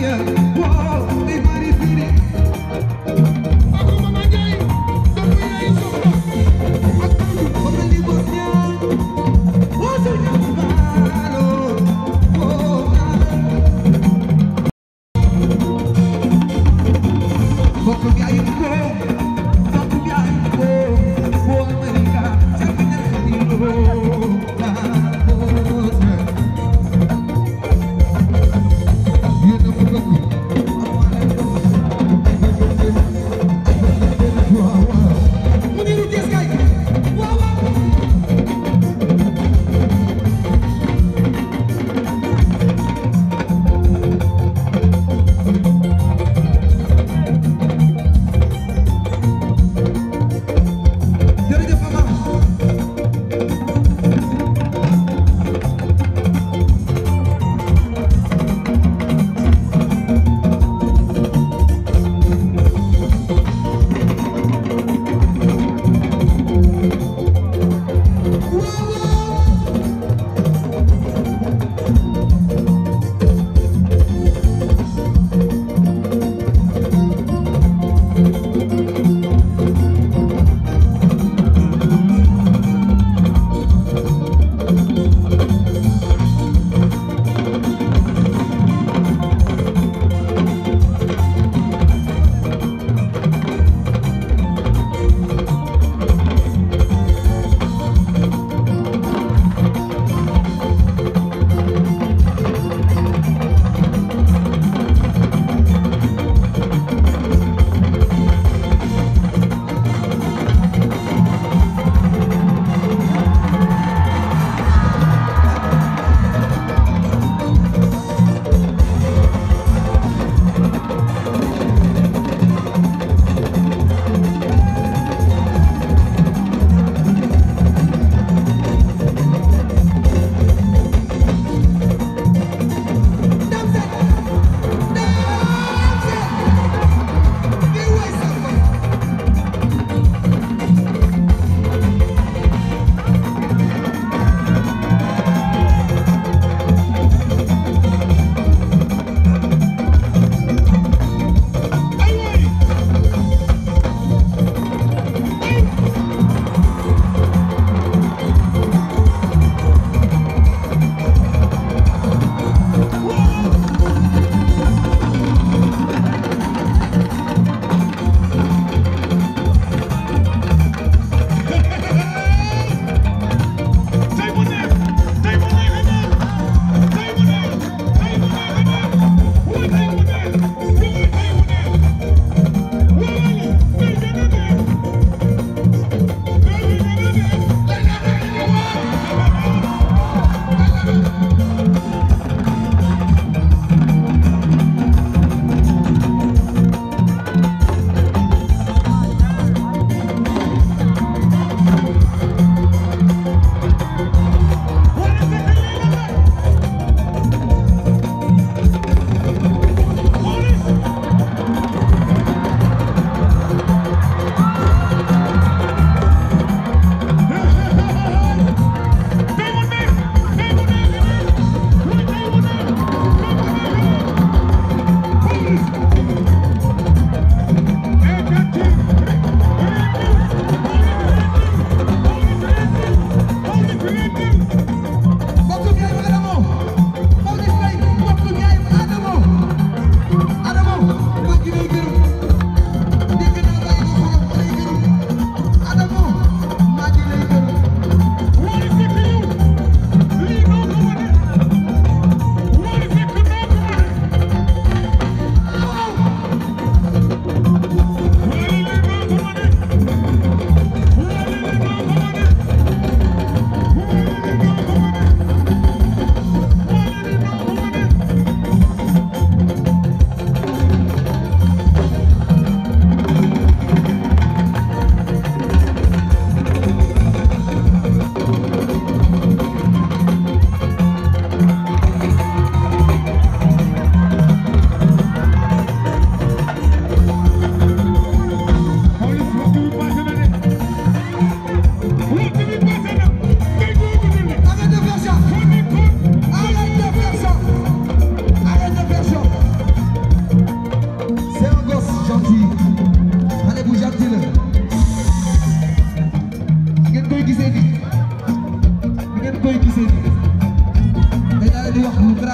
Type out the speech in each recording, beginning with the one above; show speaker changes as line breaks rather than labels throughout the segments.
Maria.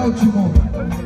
o último.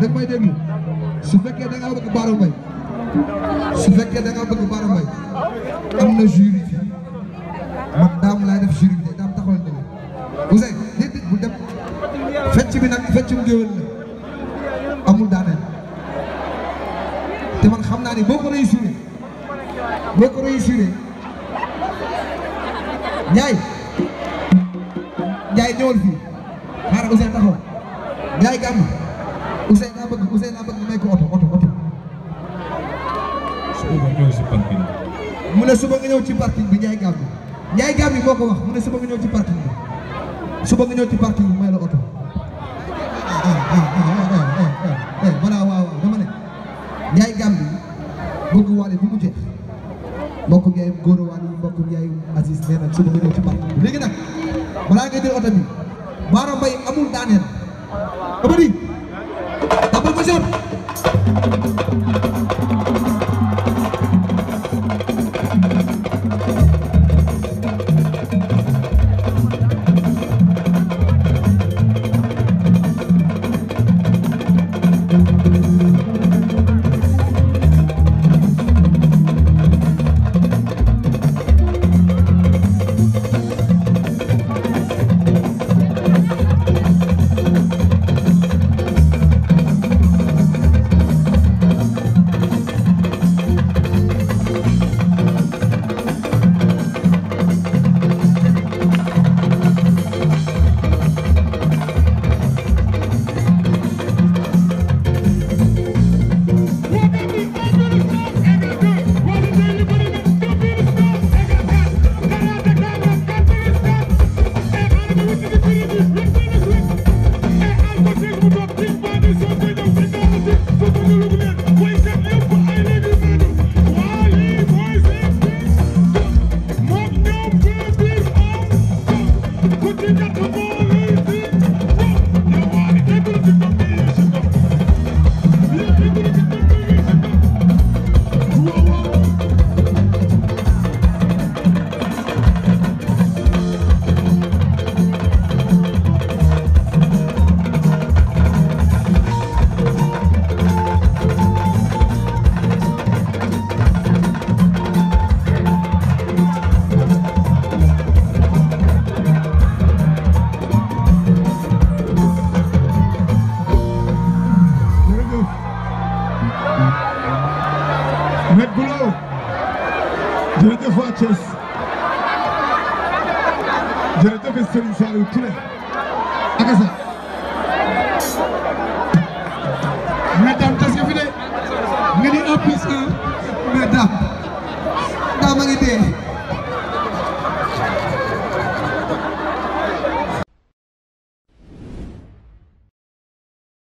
danga may déglu su fekkee da ngaa bëgg Bara Mbaye su fekkee da ngaa bëgg Bara Mbaye am na jury fi man daam laay def jury bi daam taxawal déglu Ousseyn déedéet bu dem fecc bi nag feccum géwél la amul daaneel te man xam naa ne boo ko réussir boo ko réussir Ndiaye Ndiaye ñëwal fii xaaral Ousseyn taxaw Ndiaye gàmm bëgg Ousseynou bëgg may ko oto oto oto. suba nga ñëw si parking bi. mu ne suba nga ñëw ci parking bi Ndiaye bi Ndiaye ko wax mu ne suba nga ñëw ci la oto. voilà waaw dama ne Ndiaye Gab bi bëgg waale bu mu jeex mbokk yaayum góor a waale mbokk yaayum Aziz nee na suba nga ñëw ci parking bi léegi nag balaa nga jël oto bi.